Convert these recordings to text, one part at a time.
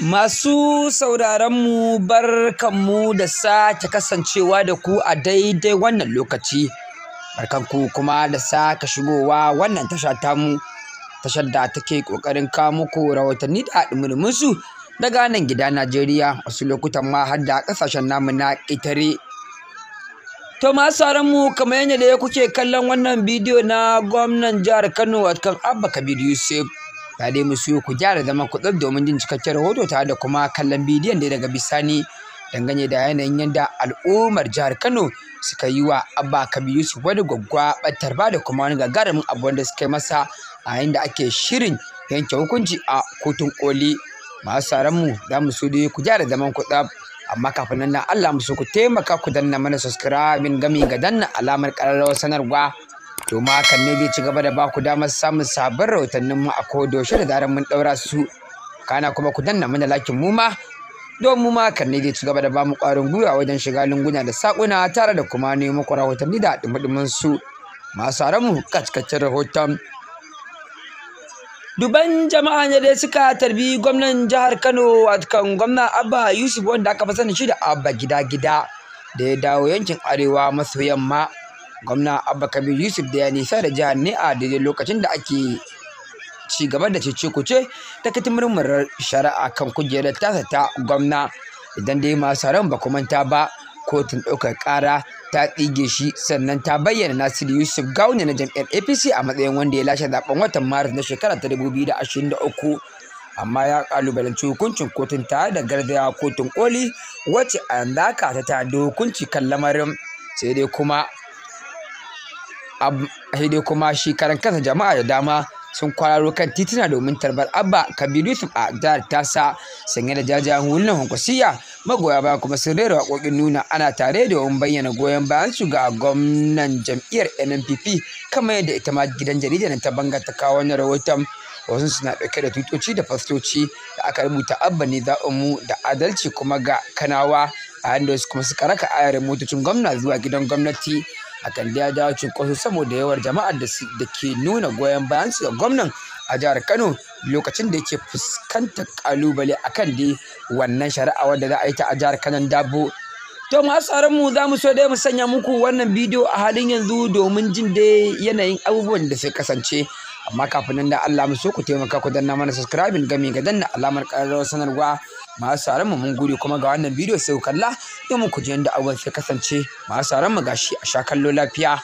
Masu sauraronmu barkanmu da sake kasancewa da ku a daidai wannan lokaci. Barkanku kuma da sake shigowa wannan tasha tamu, tashar da take ƙoƙarin kawo muku rahotanni da su daga nan gida Najeriya wasu lokutan ma har da ƙasashen namu na ƙetare. To masu mu kamar yadda kuke kallon wannan bidiyo na gwamnan jihar Kano watkan Abba Kabir Yusuf. ga dai mu siyo ku gyara zaman ku tsar domin jin cikakken rahoto tare da kuma kallon bidiyon da daga bisani dangane da yanayin yadda al'ummar jihar Kano suka yi wa Abba Kabi Yusuf wani gwaggwa battar ba da kuma wani gagarumin abu wanda suka yi masa a yayin da ake shirin yanke hukunci a kotun koli masu tsaron mu za mu so dai ku gyara zaman ku tsab amma kafin nan na Allah mu so ku taimaka ku danna mana subscribe gami ga danna alamar ƙararrawar sanarwa domin hakan ne zai ci gaba da baku damar samun sabon rahotannin mu a shi da zarar mun daura su kana kuma ku danna mana lakin mu ma don mu ma hakan ne zai ci gaba da bamu kwarin gwiwa wajen shiga lunguna da sakuna tare da kuma ne muku rahotanni da dumudumin su masu mu kacikaccen rahoton duban jama'a ne dai suka tarbi gwamnan jihar kano kan gwamna abba yusuf wanda aka fi sani shi da abba gida gida da ya dawo yankin arewa maso yamma gwamna abba kabir yusuf da ya nisa da jihar ne a daidai lokacin da ake ci gaba da cece kuce ta katimurmurar shari'a kan kujerar tasa ta gwamna idan dai masu ran ba manta ba kotun ɗaukar ƙara ta tsige shi sannan ta bayyana nasiru yusuf gauni na jam'iyyar apc a matsayin wanda ya lashe zaben watan maris na shekara ta 2023 amma ya kalubalanci hukuncin kotun tare da garzaya kotun koli wacce a yanzu haka ta tada hukunci kan lamarin sai dai kuma dai kuma shi karan kansa jama'a da dama sun kwararo kan tituna domin tarbar abba kabiru yusuf a jihar tasa sanye da jajayen hulunan hunkusiya magoya baya kuma sun rera waƙoƙin nuna ana tare da wani bayyana goyon bayan su ga gwamnan jam'iyyar nnpp kamar yadda ita ma gidan jaridar ta banga ta kawo wannan rahoton wasu suna ɗauke da tutoci da fastoci da aka rubuta abba ne mu da adalci kuma ga kanawa a yadda kuma suka raka ayarin motocin gwamna zuwa gidan gwamnati a da ya jawo cunkoso saboda yawar jama'ar da ke nuna goyon bayan su ga gwamnan a jihar kano lokacin da yake fuskantar kalubale kan dai wannan shari'a wadda za a yi ta a jihar Kanan dabo To masu mu za mu so dai mu sanya muku wannan bidiyo a halin yanzu domin jin da yanayin abubuwan da sai kasance. Amma kafin nan da Allah mu so ku taimaka ku danna mana subscribing game ga danna alamar ƙararrawar sanarwa masu mu mun gode kuma ga wannan bidiyo sai ku kalla mu ku ji yadda abin sai kasance masu mu gashi a sha kallo lafiya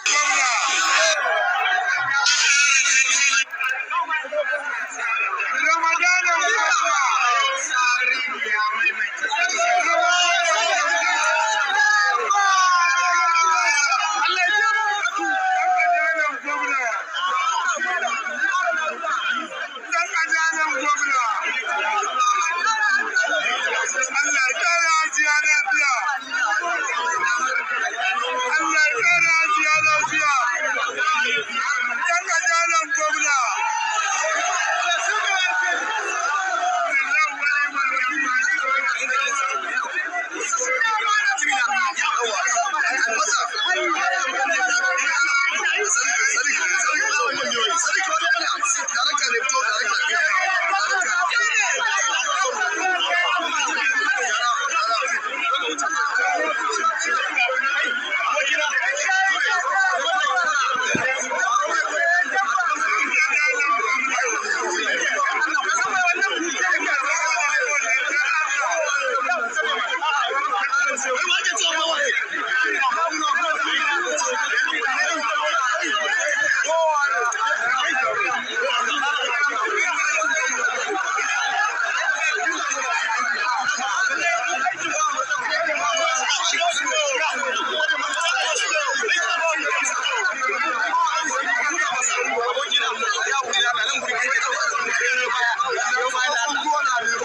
Thank you. 刘老板，刘老板，多呢。